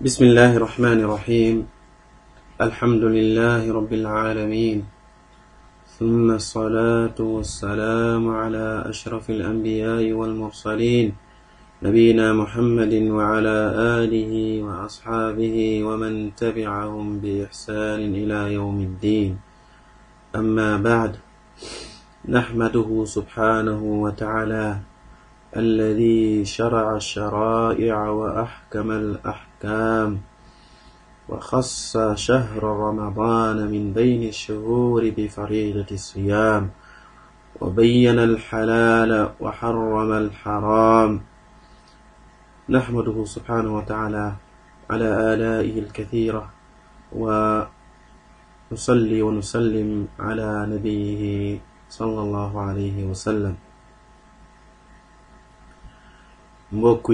بسم الله الرحمن الرحيم الحمد لله رب العالمين ثم الصلاة والسلام على أشرف الأنبياء والمرسلين نبينا محمد وعلى آله وأصحابه ومن تبعهم بإحسان إلى يوم الدين أما بعد نحمده سبحانه وتعالى الذي شرع الشرائع وأحكم الأحكام الأحكام وخص شهر رمضان من بين الشهور بفريضة الصيام وبين الحلال وحرم الحرام نحمده سبحانه وتعالى على آلائه الكثيرة ونصلي ونسلم على نبيه صلى الله عليه وسلم mbokk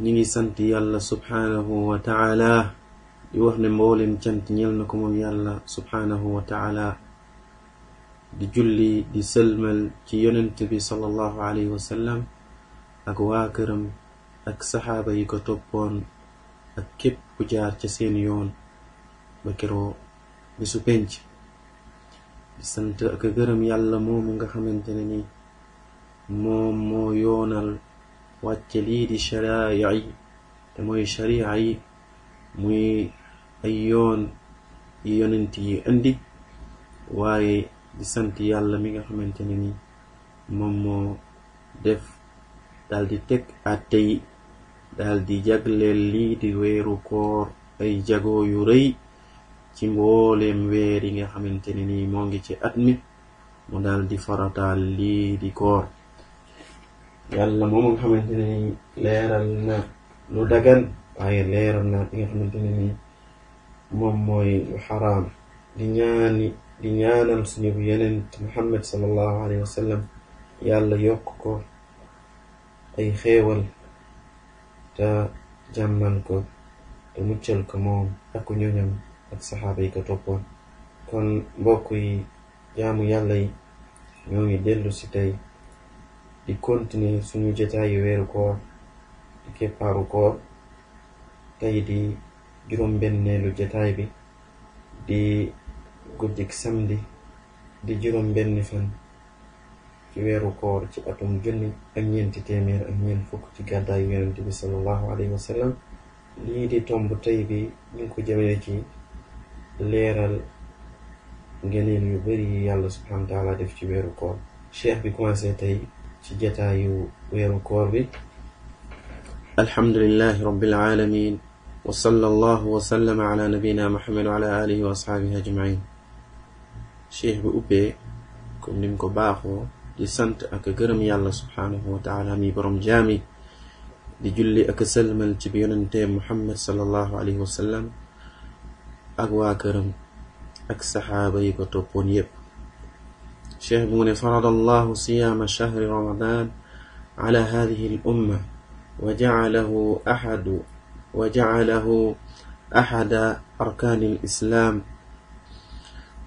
ñi ngi sant yàlla subhaanahu wa taala di wax ne mboolem cant ñel na ko moom yàlla subhaanahu wa taala di julli di sëlmal ci yonent bi sallallahu alayhi wa sallam ak waa këram ak saxaaba yi ko toppoon ak képp ku jaar ca seen yoon ba keroo bisu penc di sant ak gërëm yàlla moomu nga xamante ne ni moom moo yoonal والتليد شرائعي da moy shari'ai muy ay yoon yi yonent yi indi waaye di sant yàlla mi nga xamante ne ni moom moo def dal di teg àtte yi dal di jagleel lii di weeru koor ay jagoo yu rëy ci mbooleem weer yi nga xamante ne dal di farataal lii di yàlla moom nga xamante ne leeral na lu dagan waaye leeral na nga xamante ne moom mooy lu xaraam di ñaani di ñaanal suñu yenent Muhammad sallallahu alayhi wa sallam yàlla yokk ko ay xéewal te jàmmal ko te muccal ko moom ak ñoñam ak saxaaba yi ko toppoon kon mbokk jaamu yàlla yi ñoo ngi dellu si tey di kontine suñu jota yu weeru koor di keppaaru koor tey di juróom benneelu jotaay bi di guddik samdi di juróom benn fan ci weeru koor ci atum junni ak ñeenti téeméer ak ñeen fukk ci gàddaa yu yonente bi salallahu aleyhi wasallam lii di tomb tey bi ñu ko jamee ci leeral ngeneen yu bari yàlla subhanahu wa taala def ci weeru koor cheikh bi commencé tey شجتاي ويرو كوربين الحمد لله رب العالمين وصلى الله وسلم على نبينا محمد وعلى اله واصحابه اجمعين شيخ بوبي كوم نيم باخو دي سانت اك غرم يالله سبحانه وتعالى مي بروم جامي دي جولي اك سلمل تي بيونتي محمد صلى الله عليه وسلم اك كرم اك صحابه يكو توبون يب شيخ شهبون فرض الله صيام شهر رمضان على هذه الأمة وجعله أحد وجعله أحد أركان الإسلام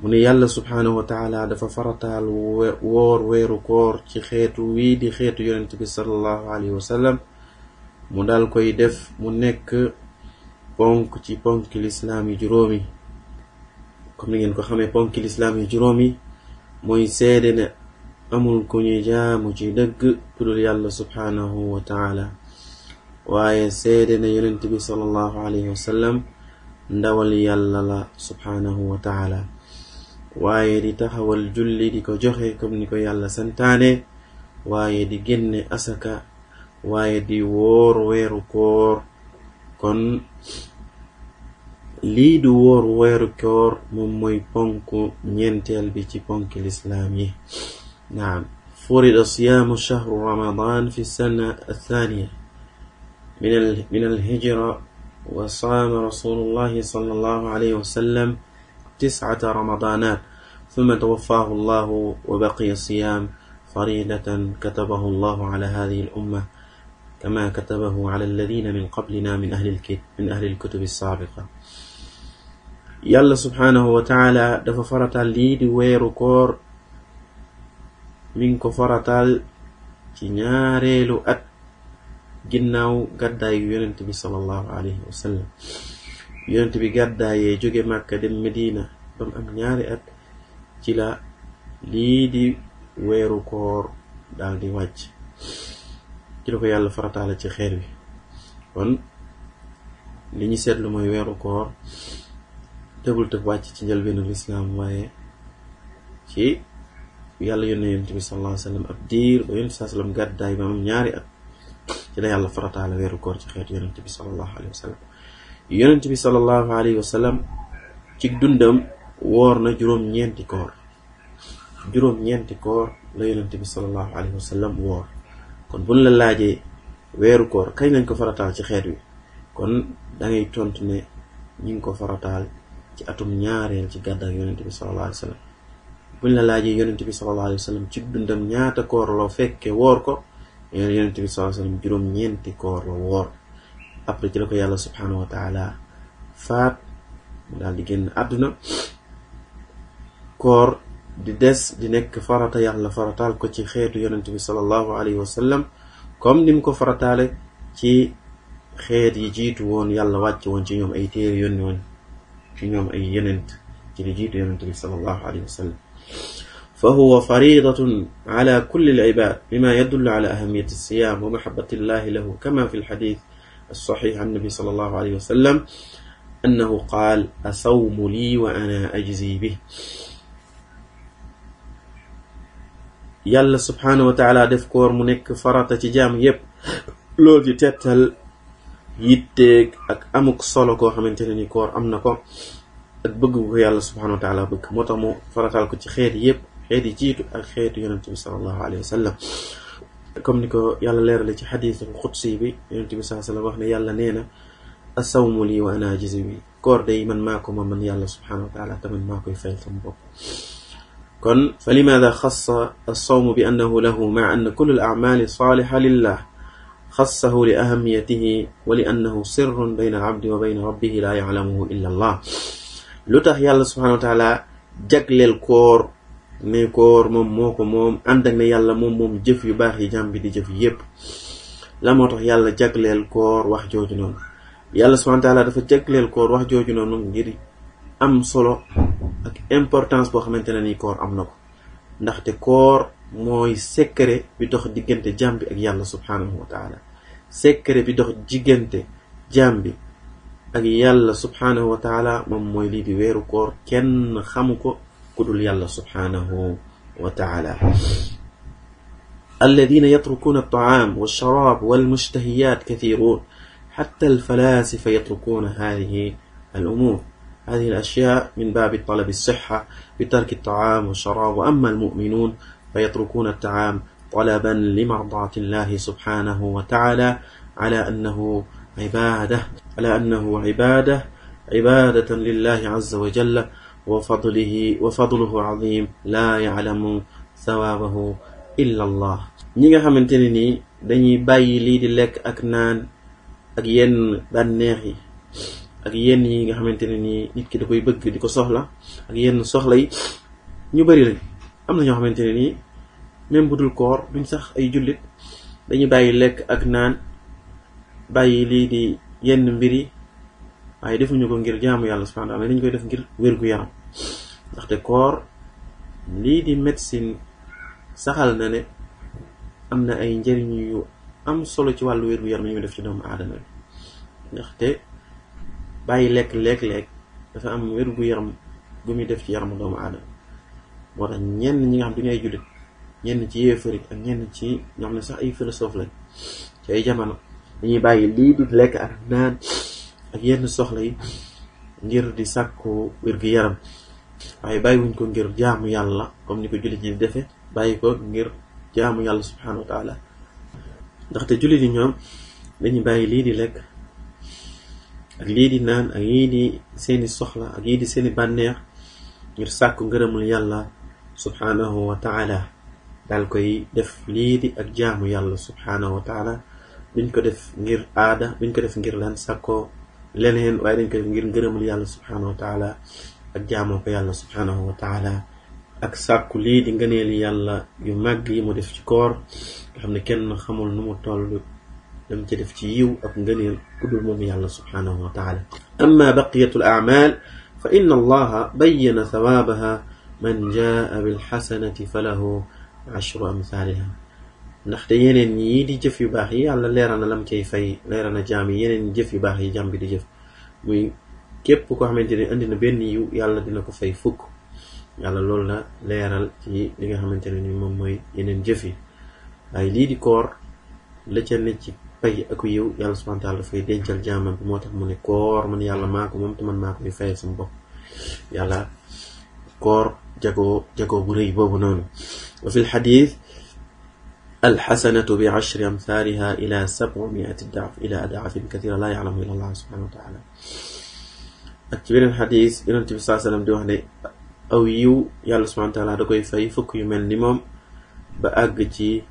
من يلا سبحانه وتعالى دفع فرط الور وير كور تي خيت ويدي خيت يونتبي صلى الله عليه وسلم مدال كوي دف منك بونك تي الإسلام يجرومي كم نيجي نكو خمي بونك الإسلام يجرومي moy seede nde amul koñi jaamu ci dëgg tudul yàlla subhanahu wa taala waaye seede ne yonent bi salallahu alayhi wasallam ndawal yàlla la subhanahu wa taala waaye di taxawal julli di ko joxe comme ni ko yàlla santaane waaye di génne asaka waaye di woor weeru koor kon li du wor wéru koor moom mooy ponku ñeenteel bi ci ponk lislaam yi naam فرض صيام شهر رمضان في السنة الثانية من من الهجرة وصام رسول الله صلى الله عليه وسلم تسعة رمضانات ثم توفاه الله وبقي الصيام فريدة كتبه الله على هذه الأمة كما كتبه على الذين من قبلنا من أهل الكتب, من أهل الكتب السابقة yàlla subhaanahu wa taala dafa farataal lii di weeru koor mi ngi ko faratal ci ñaareelu at ginnaaw gàddaayu yonent bi sallallahu alayhi wa sallam yonent bi gàddaayee jóge màkka dem medina ba am ñaari at ci la lii di weeru koor daal di wàcc ci ko yàlla farataala ci xeer wi kon li ñu seetlu mooy weeru koor tegul te wacc ci njëlbeenu l'islam waaye ci yàlla yónne yonent bi sallallahu alayhi wasallam ab diir ba yonent sallallahu alayhi wasallam gàddaay ba am ñaari at ci la yàlla weeru koor ci xeetu yonent bi sallallahu alayhi wasallam yonent bi sallallahu alayhi wasallam ci dundam woor na juróom-ñeenti koor juróom-ñeenti koor la yonent bi sallallahu alayhi wasallam woor kon buñ la laajee weeru koor kañ lañ ko farataal ci xeet wi kon da ngay tontu ne ñi ngi ko farataal ci atum ñaareel ci gàddaay yonent bi sallallahu alayhi wa sallam buñ la bi sallallahu alayhi wa ci dundam ñaata koor loo fekkee woor ko yonent bi sallallahu alayhi wa sallam juróom-ñeenti koor la woor après ci la ko yàlla subhaanahu wa taala faat mu daal di génn àdduna koor di des di nekk farata yàlla faratal ko ci xeetu yonent bi sallallahu alayhi wa sallam comme ni ko farataale ci xeet yi jiitu woon yàlla wàcc woon ci ñoom ay téere yónni woon ci ñoom ay yenent ci صلى الله عليه وسلم فهو فريضة على كل العباد بما يدل على أهمية الصيام ومحبة الله له كما في الحديث الصحيح عن النبي صلى الله عليه وسلم أنه قال أصوم لي وأنا أجزي به يلا سبحانه وتعالى دفكور منك mu جام يب لو جتتل yitteeg ak amuk solo koo xamante ne ni koor am na ko ak bëgg bu ko yàlla subhanahu wa taala bëgg moo tax mu farataal ko ci xeet yépp xeet yi jiitu ak xeetu yonente bi salallahu alayhi wa sallam comme ni ko yàlla leerale ci xadis xudsi bi yonente bi saa sallam wax ne yàlla nee na asawmu lii wa ana ajzi bi koor day man maa ko ma man yàlla subhanahu wa taala tamit maa koy fayal sama bopp kon fa limaada xassa asawmu bi annahu lahu maa anna kul al amali saliha lillah xassahu li ahamiyatihi wa li annahu sirrun bayna al-abdi wa bayna rabbihi laa ya'lamuhu lu tax yàlla subhanahu wa taala jagleel koor moo ko yàlla moom moom jëf yu baax yi jàmbi di jëf yépp la moo tax yàlla jagleel koor wax jooju noonu yàlla subhanahu dafa jagleel koor wax jooju noonu ngir am solo ak importance boo xamante ne ni koor am na ko ndaxte koor mooy secret bi dox diggante jàmbi ak yàlla subhanahu wa سكر bi dox diggante jaam bi ak yàlla subhaanahu wa taala moom mooy lii di weeru koor kenn xamu ko ku dul yàlla wa taala الذين يتركون الطعام والشراب والمشتهيات كثيرون حتى الفلاسفة يتركون هذه الأمور هذه الأشياء من باب طلب الصحة بترك الطعام والشراب وأما المؤمنون فيتركون الطعام طلبا لمرضاة الله سبحانه وتعالى على أنه عبادة على أنه عبادة عبادة لله عز وجل وفضله وفضله عظيم لا يعلم ثوابه إلا الله نيغا خامتيني داني باي لي دي ليك اك نان اك يين بانيخي اك نيت كي داكوي بëgg diko soxla اك يين soxla yi ñu bari lañ même bu dul koor duñ sax ay jullit dañuy bàyyi lekk ak naan bàyyi lii di yenn mbir yi waaye defuñu ko ngir jaamu yàlla subhanahu wa taala dañu koy def ngir wér-gu-yaram ndaxte lii di médecine saxal na ne am na ay njëriñ yu am solo ci wàllu wér-gu-yaram ñu def ci doomu aadama bi ndaxte bàyyi lekk lekk-lekk dafa am wér-gu-yaram bu muy def ci yaramu doomu aadama moo tax ñenn ñi nga xam duñu ay jullit ñenn ci yéefari ak ñenn ci ñoom ne sax ay philosophe lañ ci ay jamono dañuy bàyyi lii di lekk ak naan ak yenn soxla yi ngir di sàkku wér-gu-yaram waaye bàyyi ko ngir jaamu yàlla comme ni ko jullit di defee bàyyi ko ngir jaamu yàlla subhanahu ndaxte jullit yi ñoom dañuy bàyyi lii di lekk ak lii di naan ak yii di seeni soxla ak yii di seeni bànneex ngir sàkku ngërëmul yàlla subhanahu wa dal koy def lii di ak jaamu yàlla subhanahu wa taala duñ ko def ngir aada duñ ko def ngir lan sakkoo leneen waaye dañ ko def ngir ngërëmal yàlla subhanahu wa taala ak jaamoo ko yàlla subhanahu wa taala ak sàkku lii di ngëneeli yàlla yu màgg yi mu def ci koor nga xam ne kenn xamul nu mu toll dam ci def ci yiw ak ngëneel ku dul moom yàlla subhanahu wa taala amma baqiyatul a'mal fa inna allaha bayyana thawaabaha man jaa bilxasanati falahu ashru amthaliha ndaxte yeneen yii di jëf yu baax yi yàlla leeral na lam cay fay leeral na jaam yi yeneen jëf yu baax yi jaam bi di jëf muy képp koo xamante ne indi na benn yiw yàlla dina ko fay fukk yàlla loolu la leeral ci li nga xamante ne ni moom mooy yeneen jëf yi waaye lii di koor la ne ci pay ak yiw yàlla subhanahu wa taala dafay dencal jaamam bi moo tax mu ne koor man yàlla maa ko moom te man maa koy fayal sama bopp yàlla koor jagoo jagoo bu rëy وفي الحديث الحسنة بعشر أمثالها إلى سبعمائة ضعف إلى أضعاف كثيرة لا يعلم إلا الله سبحانه وتعالى أكبر الحديث إلى النبي صلى الله عليه وسلم أو يو يا سبحانه وتعالى دكوي فاي فك يمن نمام بأجتي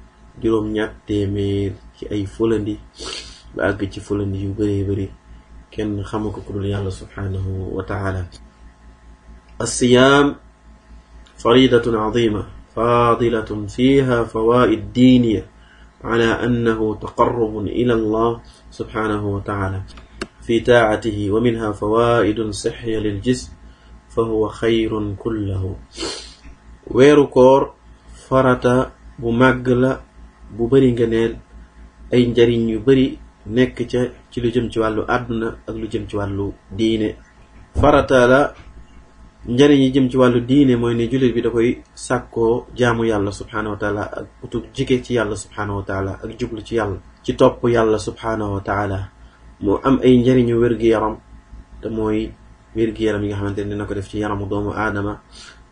جلوم نتيمير كي أي فلندي بأجتي فلندي يبري بري كن خمك كل يا سبحانه وتعالى الصيام فريدة عظيمة فاضلة فيها فوائد دينية على أنه تقرب إلى الله سبحانه وتعالى في تاعته ومنها فوائد صحية للجسم فهو خير كله ويرو كور فرطة بمقلة ببرنجنال أي جرين يبري نكتة تلو جمج والو أدنى أدنى جمج دينة فرطة لا njëriñ yi jëm ci wàllu diine mooy ne jullit bi da koy sàkkoo jaamu yàlla subhanahu wa taala ak utug jige ci yàlla subhanahu wa taala ak jublu ci yàlla ci topp yàlla subhanahu wa taala moo am ay njëriñu wér-gi-yaram te mooy wér-gi-yaram yi nga xamante ne dina ko def ci yaramu doomu aadama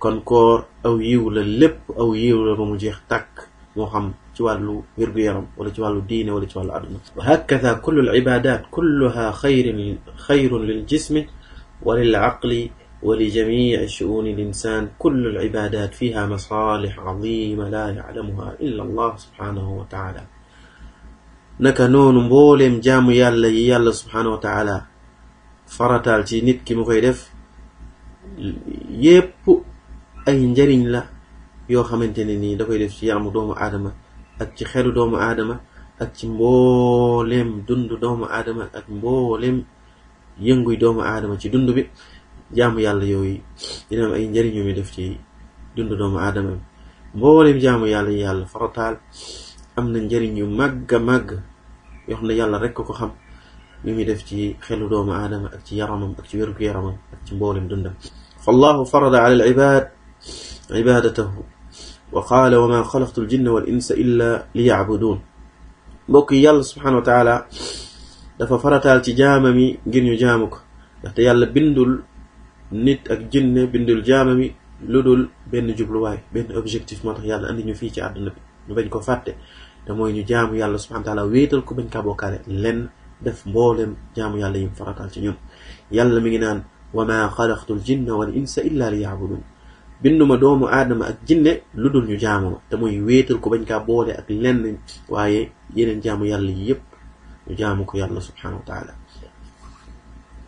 kon koor aw yiw la lépp aw yiw la ba mu jeex tàkk moo xam ci wàllu wér-gu-yaram wala ci wàllu diine wala ci wàllu aduna wa hakada kullu al ibadat kulluha xayrin xayrun lil jismi wa lil aqli ولجميع شؤون الإنسان كل العبادات فيها مصالح عظيمة لا يعلمها إلا الله سبحانه وتعالى نكنون بولم جام يالا يالا سبحانه وتعالى فرطال جي نت كي مخي دف ييب اي نجرين لا يو خمنتيني ني داكاي دف سي ادم اك سي ادم اك سي مبولم ادم اك مبولم ينغوي ادم سي دوندو jaamu yàlla yooyu dina am ay njëriñ yu muy def ci dundu doomu aadama bi mboolem jaamu yàlla yàlla farataal am na njëriñ yu màgg a màgg yoo xam ne yàlla rek ko xam mi mi def ci xelu doomu aadama ak ci yaramam ak ci wérgu yaramam ak ci mboolem dundam fallahu farada ala al ibad ibadatahu wa qala wa maa xalaqtu jinna wal insa illa li yabudun mbokk yi yàlla subhanahu wa taala dafa farataal ci jaamami ngir ñu jaamu ko ndaxte yàlla bindul nit ak jinne bindul jaamami ludul dul benn jubluwaay benn objectif moo tax yàlla andi ñu fii ci àdduna bi ñu bañ ko fàtte te mooy ñu jaamu yàlla subhanahu wa taala wéetal ko bañ ka bokkaale len def mboolem jaamu yàlla yim faratal ci ñun yàlla mi ngi naan wa ma xalaqtu l jinna wal insa illa li yaabudun binduma doomu aadama ak jinne ludul ñu jaamu ma te mooy wéetal ko bañ ka boole ak lenn waaye yeneen jaamu yàlla yépp ñu jaamu ko yàlla subhanahu wa taala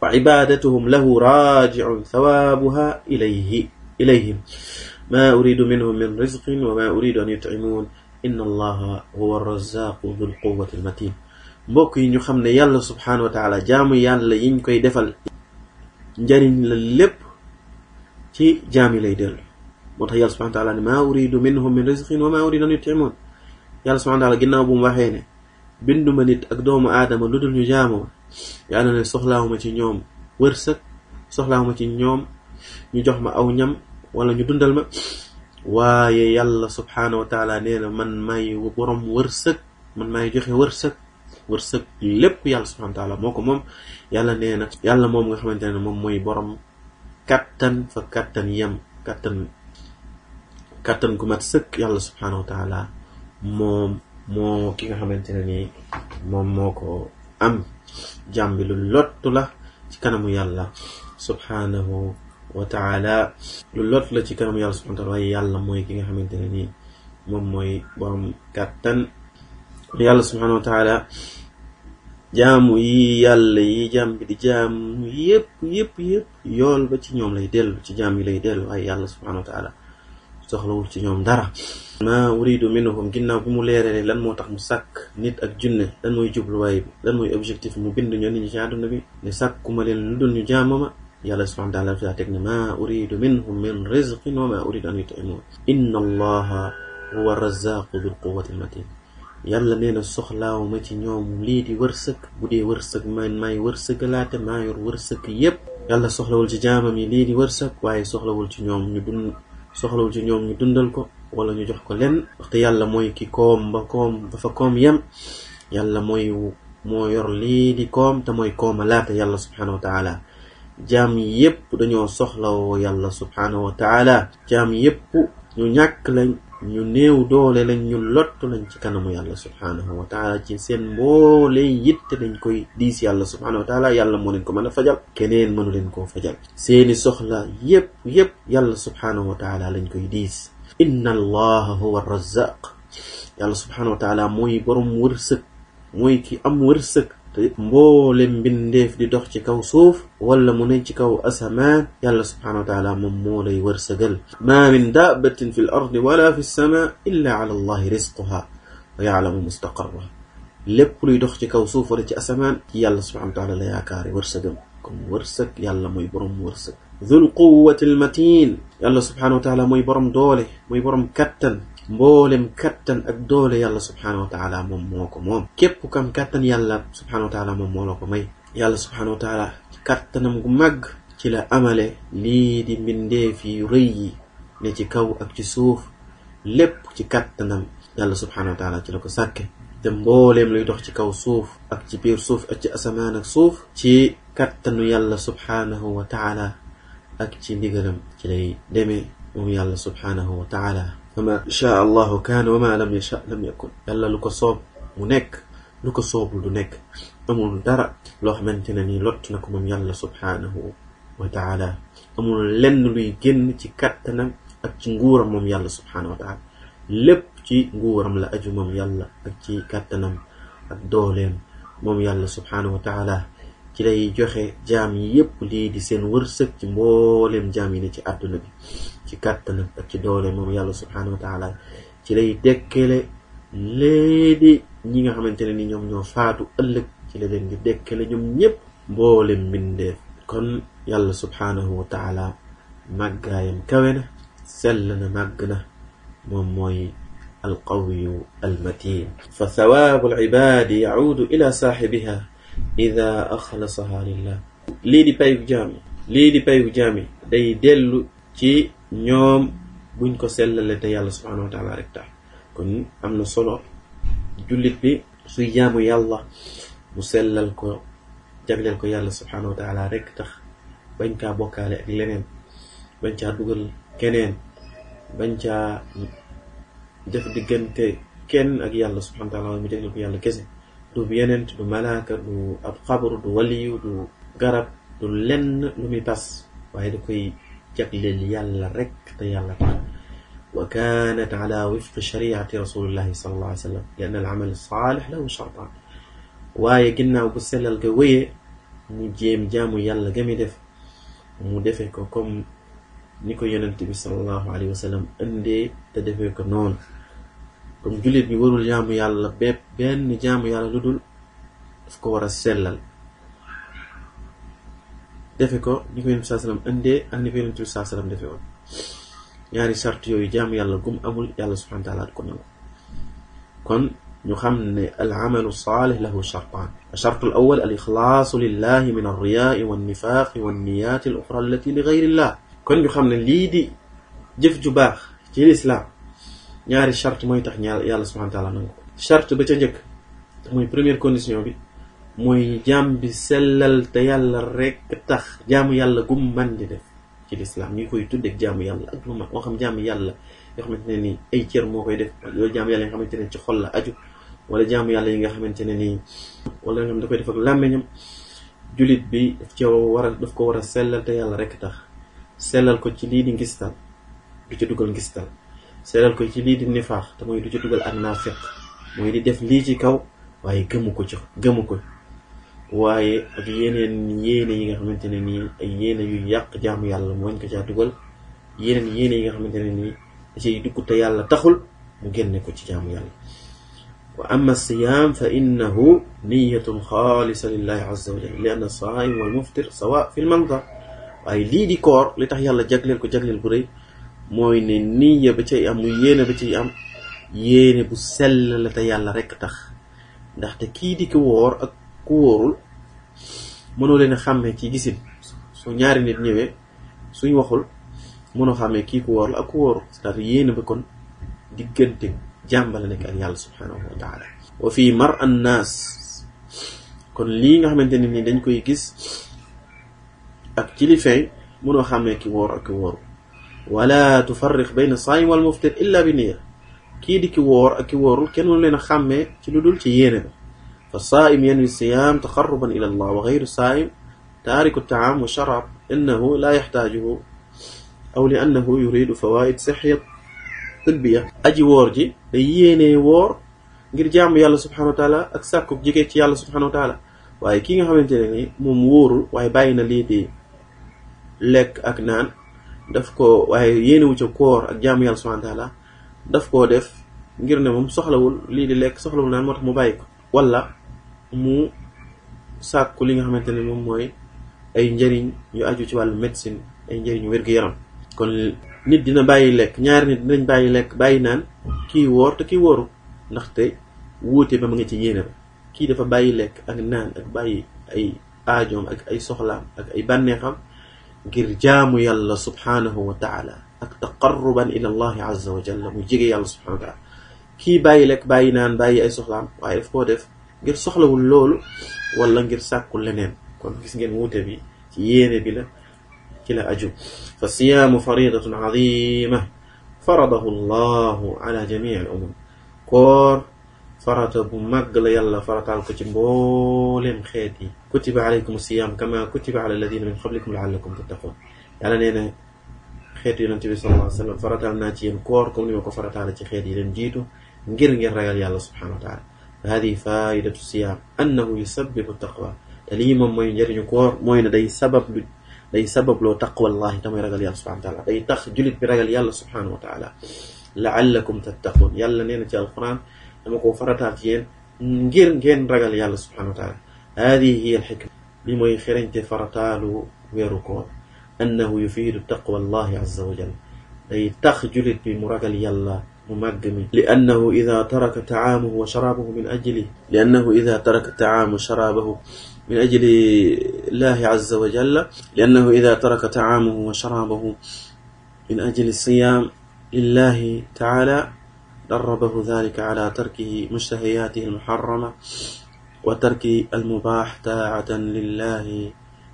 وعبادتهم له راجع ثوابها إليه إليهم ما أريد منهم من رزق وما أريد أن يطعمون إن الله هو الرزاق ذو القوة المتين بوك ينو خمنا يالله سبحانه وتعالى جامي يالله ينكو يدفل جارين للب تي جامي ليدل motax yalla subhanahu wa ta'ala ni ma uridu minhum min rizqin wa ma uridu an yut'imun yalla subhanahu wa ta'ala ginnaw bu mu waxé ne binduma nit ak doomu aadama lu dul ñu jaamu ma yàlla ne soxlaawuma ci ñoom wërsëg soxlaawuma ci ñoom ñu jox ma aw ñam wala ñu dundal ma waaye yàlla subhaanahu wa taala nee man may borom wërsëg man may joxe wërsëg wërsëg lépp yàlla subhaanahu wa taala moo ko moom yàlla nee na yàlla moom nga xamante ne moom mooy borom kattan fa kattan yem kattan kattan gu mat sëkk yàlla subhaanahu wa taala moom moo ki nga xamantene ni moom moo ko am jàmbi lu lottu la ci kanamu yàlla ya subhanahu wa taala lu lottu la ci kanamu yàlla ya subhanahu wa taala waaye ya yàlla mooy ki nga xamantene ni moom mooy borom kàttan yàlla subhanahu wa taala jaamu yi yàlla yi jaam di jaamu yépp yépp yépp yool ba ci ñoom lay dellu ci jaam yi lay dellu waaye yàlla subhanahu wa taala soxlawul ci ñoom dara ma uridu minhum ginnaw bi mu leeree lan moo tax mu sàkk nit ak junne lan mooy jubluwaay bi lan mooy objectif mu bind ñoo nit ñi ci àdduna bi ne sàkkuma leen lu dul ñu jaamama yàlla subhanahu wa taala fi teg ne ma uridu minhum min rizqin wa ma uridu an yut'imun inna allaha huwa razaqu dul quwati matin yàlla nee na soxlaaw ma ci ñoom lii di wërsëg bu dee wërsëg may may wërsëgalaate maa yor wërsëg yépp yàlla soxlawul ci jaamam yi lii di wërsëg waaye soxlawul ci ñoom ñu dund soxlawul ci ñoom ñu dundal ko wala ñu jox ko lenn waxte yàlla mooy ki koom ba koom ba fa koom yem yàlla mooy moo yor lii di koom te mooy kooma laata yàlla subhanahu wa taala jaam yépp dañoo soxlawoo yàlla subhanahu wa taala jaam yépp ñu ñu néew doole lañ ñu lott lañ ci kanamu yàlla subhaanahu wa taala ci seen mboole yitte dañ koy diis yàlla subhaanahu wa taala yàlla moo leen ko mën a fajal keneen mënu leen koo fajal seeni soxla yépp yépp yàlla subhaanahu wa taala lañ koy diis inna allaha huwa razzaq yàlla subhaanahu wa taala mooy borom wërsëg mooy ki am wërsëg te it mboolem di dox ci kaw suuf wala mu ne ci kaw asaman yàlla subhanahu wa taala mom mo lay wërsëgal ma min da'batin fil ardi wala fis lsama illa ala allah rizqaha wa ya'lamu mustaqarra lépp luy dox ci kaw suuf wala ci asaman ci yàlla subhanahu wa taala la yaakaari wërsegal comme wërsek yàlla moy borom wërsek dhul quwwati al matin yàlla subhanahu wa taala mooy borom doole mooy borom kattan mboolem kattan ak doole yàlla subhaanahu wa taala moom moo moom képp kam kattan yàlla subhaanahu wa taala moom moo la ko may yàlla subhaanahu wa taala ci kattanam gu màgg ci la amale lii di mbindeef yu rëy yi ne ci kaw ak ci suuf lépp ci kattanam yàlla subhaanahu wa ci la ko sàkke te mbooleem luy dox ci kaw suuf ak ci biir suuf ak ci asamaan suuf ci kattanu yàlla subhaanahu wa taala ak ci فما شاء الله كان وما لم يشاء لم يكن يلا لوكو صوب ونك لوكو صوب ونك امون دارا لوخ منتني لوت نكم يلا سبحانه وتعالى امون لن لوي جن تي كاتنا اك مم يلا سبحانه وتعالى لب تي نغورم لا اجو مم يلا اك تي كاتنا اك دولين مم يلا سبحانه وتعالى ci lay joxe jaam yi yépp lii di seen wërsëg ci mbooleem jaam yi ne ci àdduna bi ci kàttanam ak ci doole moom yàlla subhanahu wa taala ci lay dekkale léegi ñi nga xamante ne ni ñoom ñoo faatu ëllëg ci la leen di dekkale ñoom ñépp mboolem mbindeef kon yàlla subhanahu wa taala màggaayam kawe na sell na màgg na moom mooy القوي المتين فثواب العباد يعود إلى صاحبها ida axlasaha lillah lii di payu jaam yi lii di payu day dellu ci ñoom buñ ko sellale te yàlla subhanahu wa taala rek tax kon am na solo jullit bi suy jaamu yàlla mu sellal ko jagleel ko yàlla subhanahu wa taala rek tax bañ caa bokkaale ak leneen bañ caa dugal keneen bañ caa def diggante kenn ak yàlla subhanahu wa taala mu jagleel ko yàlla kese du yenent du malaka du ab xabaru du waliyu du garab du lenn lu mi bas waaye da koy jagleel yàlla rek te yàlla tax wa kanat ala wifqi shariati rasulillahi sallallahu alayhi wa sallam li anna al amal saalix lahu shartaan waaye ginnaaw bu sellal ga wéyee mu jéem jaamu yàlla ga muy def mu defee ko comme ni ko yonent bi sallallahu alayhi wa sallam indee te defee ko noonu comme julit bi warul jaamu yàlla bépp benn jaamu yàlla lu dul daf ko war a sellal defe ko ni ko yonent bi sallam indee ak ni ko tur bi sallam defe woon ñaari sart yooyu jaamu yàlla gum amul yàlla subhanahu wa taala ko nangu kon ñu xam ne al amalu saalih lahu shartaan ashartu al awal al ixlaasu lillahi min alriyaai walnifaaqi walniyaati al oxra allati li gayrillah kon ñu xam ne lii di jëf ju baax ci lislaam ñaari charte mooy tax ñaar yàlla subhanahu wa taala nangu ko charte ba ca njëkk mooy première condition bi mooy jaam bi sellal te yàlla rek tax jaamu yàlla gum man di def ci lislaam ñu koy tuddee jaamu yàlla ak lu ma moo xam jaamu yàlla yoo xamante ne ni ay cër moo koy def yooyu jaamu yàlla yi nga xamante ne ci xol la aju wala jaamu yàlla yi nga xamante ne nii wala nga xam da koy def ak làmmiñam jullit bi daf ca war a daf ko war a sellal te yàlla rek tax sellal ko ci lii di ngistal du ci dugal ngistal seeral ko ci lii di nifaax te mooy du ci dugal ak naafiq mooy di def lii ci kaw waaye gëmu ko ci gëmu ko waaye ak yeneen yéene yi nga xamante ne nii ay yéene yu yàq jaamu yàlla mooñ ko caa dugal yeneen yéene yi nga xamante ne nii da ciy dugg te yàlla taxul mu génne ko ci jaamu yàlla wa amma siyaam fa innahu niyatun xaalisa lillahi azza wa jal li anna saim wal muftir sawa fi l manzar waaye lii di koor li tax yàlla jagleel ko jagleel bu rëy mooy ne nii ba ci am mu yéene ba cay am yéene bu sell la te yàlla rekk tax ndaxte kii di ko woor ak ku wóorul mënoo leen a xàmmee ci gisin su ñaari nit waxul mënoo xàmmee kii ku woor ak ku wóorul c'est-à-dire yéene ba kon diggante jàmbal la nekk ak yàlla subhanahu wa taala fii mar an naas kon lii nga xamante ne ni dañ koy gis ak ci li feeñ mënoo xàmmee ki wóor ak ki wóorul ولا تفرق بين الصائم والمفطر الا بنيه كي ديكي وور اكي وورول كين مون لينا خامي تي لودول تي يينه فالصائم ينوي الصيام تقربا الى الله وغير الصائم تارك الطعام والشراب انه لا يحتاجه او لانه يريد فوائد صحيه طبيه اجي وور جي دي يينه وور غير جام يالله سبحانه وتعالى اك ساكوك جيجي تي يالله سبحانه وتعالى واي كيغا خامتيني موم وورول واي باينا لي دي لك اك نان daf koo waaye yéene wu ca koor ak jaamu yàlla subhana taala daf koo def ngir ne moom soxlawul lii di lekk soxlawul naan moo tax mu bàyyi ko wala mu sàkku li nga xamante ne moom mooy ay njëriñ yu aju ci wàllu médecine ay njëriñ wér-gu-yaram kon nit dina bàyyi lekk ñaari nit dinañ bàyyi lekk bàyyi naan kii woor te kii wooru ndaxte wóote ba ma nga ci yéene ba kii dafa bàyyi lekk ak naan ak bàyyi ay aajoom ak ay soxlaam ak ay bànneexam جرجام يلا سبحانه وتعالى تقربا الى الله عز وجل مجيغ يلا سبحانه وتعالى كي باي لك باي باي اي سخلان واي اف كودف غير سخلو لولو ولا غير ساكو لنين كون غيس نين ووتي بي سي ييري بي لا كي لا اجو فصيام فريضه عظيمه فرضه الله على جميع الامم كور farata bu màgg la yàlla farataal ko ci mbooleem xeet yi kutiba alaykum siyaam kama kutiba ala alladina min qablikum laallakum tattaqun yàlla nee na xeetu yonente bi sallallahu alayhi wa sallam farataal naa ci yéen koor comme ni ma ko farataale ci xeet yi leen jiitu ngir ngeen ragal yàlla subhanahu wa taala fa hadihi faidatu siyaam annahu yusabibu taqwa te lii moom mooy njëriñu koor mooy ne day sabab lu day sabab loo taqwallahi tamay ragal yàlla subhanahu wa taala day tax julit bi ragal yàlla subhanahu wa taala laallakum tattaqun yàlla nee na ci alquran لما كو فرطا تيين غير غين رغال يالله سبحانه وتعالى هذه هي الحكمة بما يخيرين تفرطا لو ويركون أنه يفيد تقوى الله عز وجل أي تخجلت بمرغال يالله ممجمي لأنه إذا ترك تعامه وشرابه من أجله لأنه إذا ترك تعامه وشرابه من أجل الله عز وجل لأنه إذا ترك تعامه وشرابه من أجل الصيام لله تعالى دربه ذلك على تركه مشتهياته المحرمة وترك المباح تاعة لله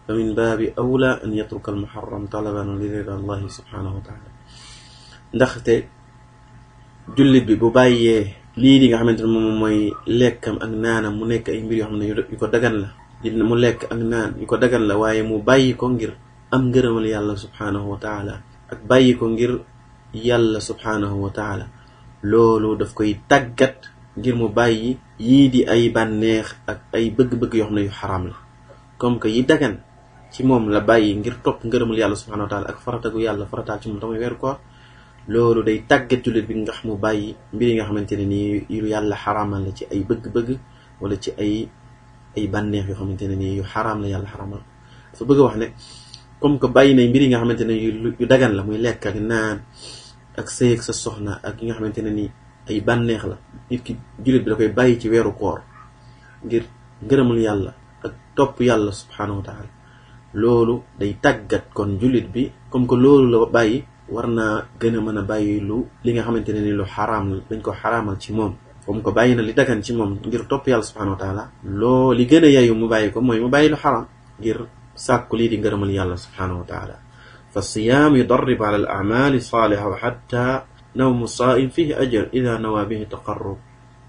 فمن باب أولى أن يترك المحرم طلبا لرضا الله سبحانه وتعالى دخلت جلد ببباية ليدي عمل درمو لكم أجنان منك إمبير يحمل يقدقن له جلد ملك أجنان يقدقن له واي مباية كونجر أم جرم لي الله سبحانه وتعالى أكباية كونجر يالله سبحانه وتعالى loolu daf koy tàggat ngir mu bàyyi yii di ay bànneex ak ay bëgg-bëgg yoo xam ne yu xaraam la comme que yi ci moom la bàyyi ngir topp ngërëmul yàlla subhanahu wa ak faratagu yàlla farataal ci moom tamay weeru day tàggat jullit bi mu bàyyi mbir yi nga xamante ne nii yàlla xaraamal la ci ay bëgg-bëgg wala ci ay ay bànneex yoo xamante ne nii yàlla xaraamal bëgg wax ne bàyyi na mbir yi nga xamante ne yu dagan la muy lekk ak naan ak sey ak sa soxna ak yi nga xamantene ni ay banex la nit ki julit bi da koy bayyi ci wéru koor ngir ngërëmul yalla ak top yalla subhanahu wa taala lolu day tagat kon julit bi comme que lolu la bayyi warna gëna mëna bayyi lu li nga xamantene ni lu haram dañ ko haramal ci mom kom ko bayina li dagan ci mom ngir top yalla subhanahu wa taala lo li gëna yayu mu bayiko ko mu bayilu haram ngir sakku li di ngërëmal yalla subhanahu wa taala فالصيام يضرب على الأعمال الصالحة وحتى نوم الصائم فيه أجر إذا نوى به تقرب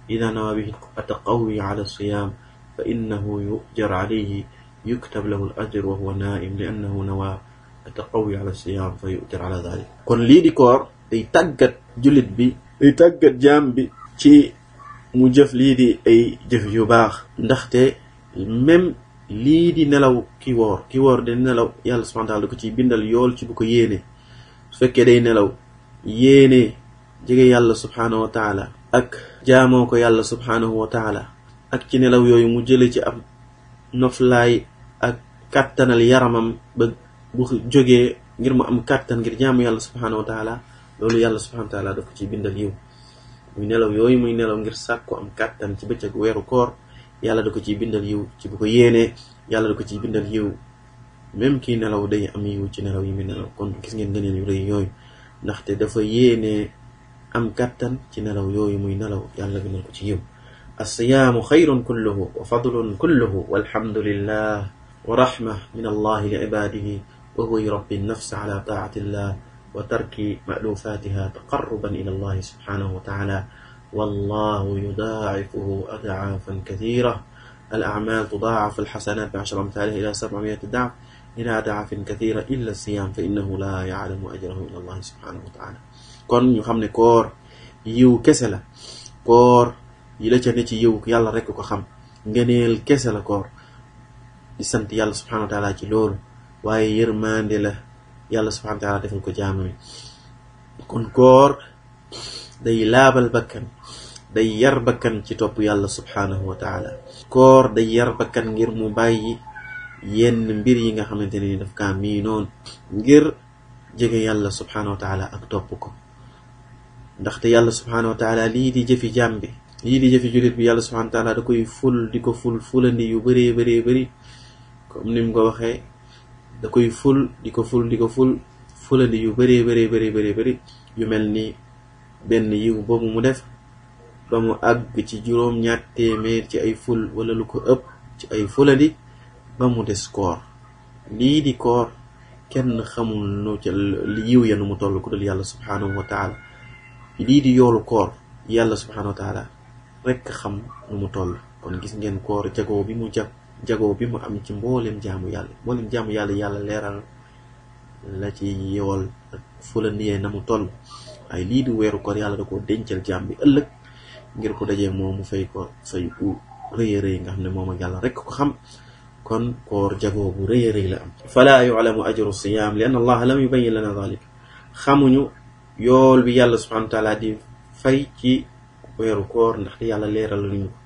إذا نوى به التقوي على الصيام فإنه يؤجر عليه يكتب له الأجر وهو نائم لأنه نوى التقوي على الصيام فيؤجر على ذلك كن لي ديكور koor تاغت tàggat بي bi تاغت جام بي تي مو جف لي دي اي جف يو باخ baax ميم lii di nelaw ki woor ki woor de nelaw yàlla subhaanahu wa da ko ci bindal yool ci bu ko yéenee fekkee day nelaw yéenee jege yàlla subhaanahu wa taala ak jaamoo ko yàlla subhaanahu wa taala ak ci nelaw yooyu mu jële ci ab noflaay ak kàttanal yaramam ba bu jógee ngir mu am kàttan ngir jaamu yàlla subhaanahu wa taala loolu yàlla subhaanahu wa taala ko ciy bindal yiw muy nelaw yooyu muy nelaw ngir sàkku am kàttan ci bëccëg weeru koor yàlla da ko ci bindal yiw ci bu ko yene yàlla da ko ci bindal yiw même ki nelaw day am yiw ci nelaw yi muy nelaw kon gis ngeen ngëneel yu reuy yoy ndax te dafa yene am kàttan ci nelaw yoy muy nelaw yàlla bindal ko ci yiw as-siyam kulluhu wa fadlun kulluhu walhamdulillah wa rahmah min allah li ibadihi wa huwa وهو an-nafs ala ta'ati allah وترك مألوفاتها تقربا إلى الله سبحانه وتعالى والله يضاعفه أضعافا كثيرة الأعمال تضاعف الحسنات بعشر أمثاله إلى سبعمائة ضعف إلى ضعف كثيرة إلا الصيام فإنه لا يعلم أجره إلا الله سبحانه وتعالى كون يخمني كور يو كسلة كور يلا جنتي يو يلا رك كخم جنيل كسلة كور سنتي يالا سبحانه وتعالى كلور واي يرمان دلة يلا سبحانه وتعالى كو جامعي كون كور day label bakkan day yar bakkan ci topp yàlla subhaanahu wa taala koor day yar bakkan ngir mu bàyyi yenn mbir yi nga xamante ne ni daf kaa mii ngir jege yàlla subhaanahu wa ak topp ko ndaxte yàlla subhaanahu wa lii di jëfi jaam lii di jëfi yàlla subhaanahu wa da koy ful di ko ful fulandi yu bëree bëree bëri comme ko waxee da koy ful di ko ful ko ful fulandi yu bëree bëree bëree bëri yu mel ni benn yiw boobu mu def ba mu àgg ci juróom ñaat téeméer ci ay ful wala lu ko ëpp ci ay fuladi ba mu des koor lii di koor kenn xamul nu ca yiw ya nu mu toll ku dul yàlla subhaanahu wa taala lii di yoolu koor yàlla subhaanahu wa rekk xam nu mu toll kon gis ngeen koor jagoo bi mu jag jagoo bi mu am ci mbooleem jaamu yàlla mbooleem jaamu yàlla yàlla leeral la ci yool ak fula niyee na mu toll waaye lii di weeru koor yàlla da ko dencal jaam bi ëllëg ngir ku daje moom mu fay ko fay bu rëy rëy nga xam ne moom ak yàlla rek ko xam kon koor jagoo bu rëy rëy la am fala yulamu ajru siyaam li anna allaha lam yubayin lana dalik xamuñu yool bi yàlla subhanahu wa taala ci weeru koor yàlla leeral luñu ko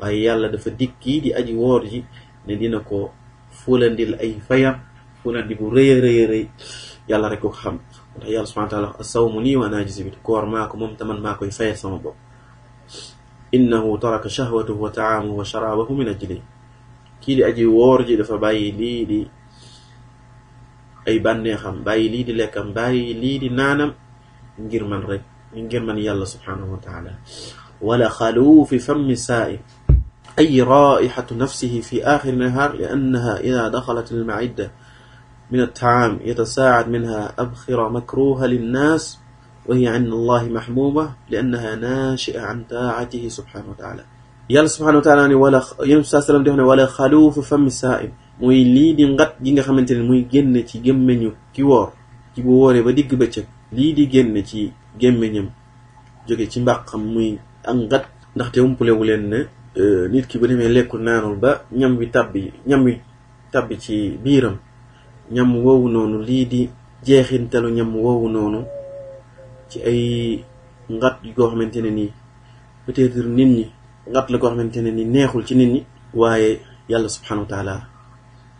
waaye yàlla dafa dikkii di aji woor ji ne dina ko fulandil ay fayam fulandi bu rëy rëy rëy yàlla rek ko xam ndax yàlla subhanahu wa taala sawmu nii wa ana ajzi koor maa moom taman maa koy fayal sama bopp إنه ترك شهوته وتعامه وشرابه من أجله كي لأجي وورجي دفا باي لي دي أي بانيخم باي لي لكم باي لي دي نانم نجير من رك نجير من يلا سبحانه وتعالى ولا خلو فم سائم أي رائحة نفسه في آخر النهار لأنها إذا دخلت المعدة من الطعام يتساعد منها أبخر مكروه للناس وهي عند الله محمومة لأنها ناشئة عن طاعته سبحانه وتعالى يالله سبحانه وتعالى يعني ولا ينسى سلام دي ولا خلوف فم السائل موي لي دي نغات جيغا خامتيني موي ген تي گيمنيو كي وور كي بو ووري با ديغ بيچك لي دي ген تي گيمنيم جوغي تي مباخم موي انغات ndax te umpule wu len ne euh, nit ki bu demee lekku naanul ba ñam ci ay ngat goo xamante ne nii peut-être nit ñi ngat la goo xamante ne nii neexul ci nit ñi waaye yàlla subhanahu wa taala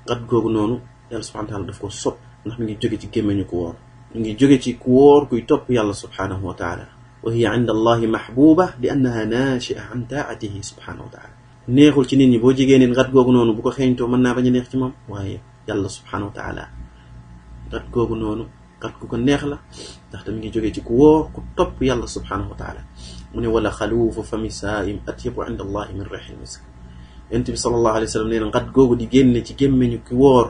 ngat googu noonu yàlla subhanahu wa taala daf ko sopp ndax mi ngi jóge ci gémmeñu ku woor mi ngi jóge ci ku woor kuy topp yàlla subhanahu wa taala wa hiya inda allahi mahbuba li annaha naachia an taatihi subhanahu wa taala neexul ci nit ñi boo jigéen nit ngat googu noonu bu ko xeeñtoo mën naa bañ a neex ci moom waaye yàlla subhanahu wa taala ngat googu noonu kat ku ko neex la ndax mi ngi joge ci ku wóor ku topp yàlla subhanahu wa taala mu ne wala xaluufu fami saa'im atyabu inda allahi min rexil misk yonent bi salallahu alayhi wa sallam nee na ngat googu di génne ci gémmeñu ki wóor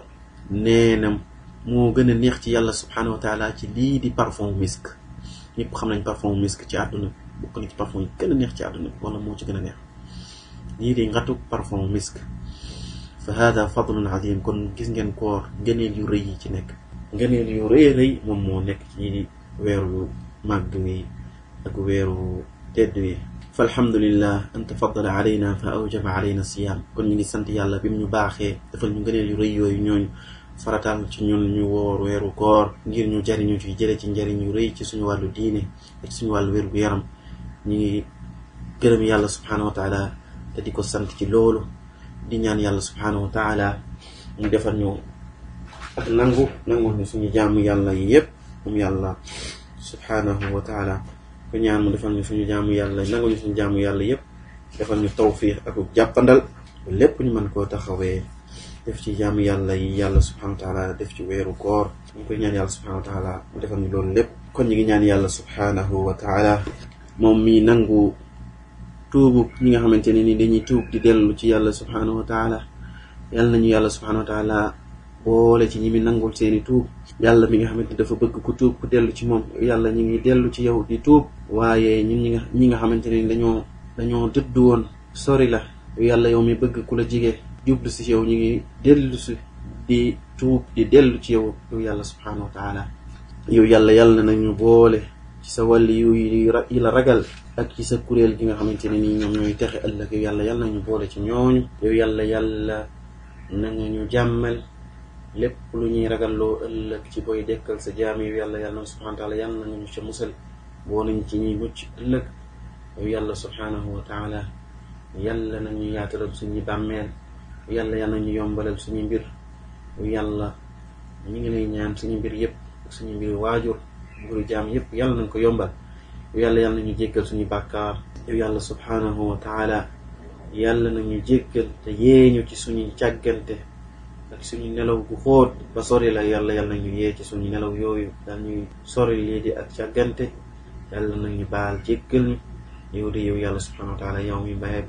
nee na moo gën a neex ci yàlla subhanahu wa taala ci lii di parfum misk ñëpp xam nañ parfum misk ci àdduna bokk na ci parfum yi gën a neex ci àdduna bi wala moo ci gën a neex lii di ngatu parfum misk fa hada fadlun azim kon gis ngeen koor gëneel yu rëy yi ci nekk ngëneel yu rëy rëy moom moo nekk ci weeru màgg wi ak weeru tedd wi fa alhamdulillah an tafaddala alayna fa awjaba alayna siyam kon ñu ngi sant yàlla bi mu ñu baaxee defal ñu ngëneel yu rëy yooyu ñooñu faratal ci ñun ñu woor weeru koor ngir ñu jariñu ci jële ci njariñ yu rëy ci suñu wàllu diine ak suñu wàllu wér gu yaram ñu ngi gërëm yàlla ya subhanahu wa taala te di ko sant ci loolu ya di ñaan yàlla subhanahu wa taala mu defal ñu ak nangu nangu ne suñu jaamu yàlla yi yépp moom yàlla subhanahu wa taala ko ñaan mu defal ñu suñu jaamu yàlla nangu ñu suñu jaamu yàlla yépp defal ñu tawfiq ak jàppandal lépp ñu mën koo taxawee def ci jaamu yàlla yi yàlla subhanahu wa taala def ci weeru koor ñu koy ñaan yàlla subhanahu wa taala mu defal ñu loolu lépp kon ñu ngi ñaan yàlla subhanahu wa taala moom mi nangu tuubu ñi nga xamante ne ni dañuy tuub di dellu ci yàlla subhanahu wa taala yalla nañu yalla subhanahu wa taala boole ci ñi mi nangul seeni tuub yàlla mi nga xamante ni dafa bëgg ku tuub ku dellu ci moom yàlla ñi ngi dellu ci yow di tuub waaye ñun ñi nga ñi nga xamante ni dañoo dañoo dëddu woon sori la yàlla yow mi bëgg ku la jublu si yow ñu ngi dellu si di tuub di dellu ci yow yow yàlla subhanahu wa taala yow yàlla yàlla nañu boole ci sa wàll yu yi la ragal ak ci sa kuréel gi nga xamante ne nii ñoom ñooy texe ëllëg yow yàlla yàlla nañu boole ci ñooñu yow yàlla yàlla nañu jàmmal lépp lu ñuy ragalloo ëllëg ci boy dekkal sa jaam yi yàlla yàlla na subhanahu wa taala yàlla nañu ca musal boo nañ ci ñuy mucc ëllëg yow yàlla subhanahu wa taala yàlla nañu yaatalal suñu bàmmeel yàlla yàlla nañu yombalal suñu mbir yàlla ñu ngi lay ñaan suñu mbir yëpp suñu mbir waajur mbiru jaam yëpp yàlla nañ ko yombal yow yàlla yàlla nañu jéggal suñu bàkkaar yow yàlla subhanahu wa taala yàlla nañu jéggal te yéeñu ci suñu càggante ak suñu nelaw gu xóot ba sori la yàlla yàlla ñu yee ci suñu nelaw yooyu daal ñuy sori lii di ak càggante yàlla nañu baal jéggal ñi yow de yow yàlla subhanahu wa taala yow mi bàyyi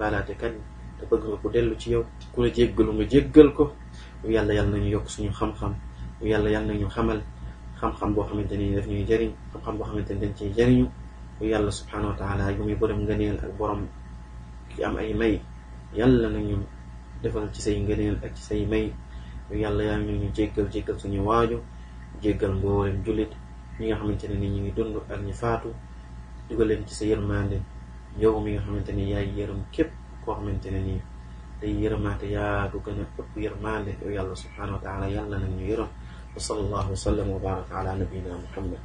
dellu ci yow ku la jéggalu nga jéggal ko yow yàlla yàlla nañu yokk suñu xam-xam yow yàlla yàlla xamal xam-xam boo xamante ni daf ñuy jariñ xam-xam boo xamante ni dañ ciy jëriñu yow yàlla subhanahu wa taala yow mi borom ngëneel ak borom ki am ay may yàlla nañu defal ci say ngëneel ak ci say may yàlla yaa ngi ñu jéggal jéggal suñu waaju jéggal mboolem jullit ñi nga xamante ne ni ñu ngi dund ak ñu faatu dugal leen ci sa yërmande yow mi nga xamante ni yaay yërëm képp koo xamante ne nii day yërëmaate yaa du gën a ëpp yërmande yow yàlla subhanahu wa taala yàlla nañ ñu yërëm wa sallallahu wa sallam wa baraka muhammad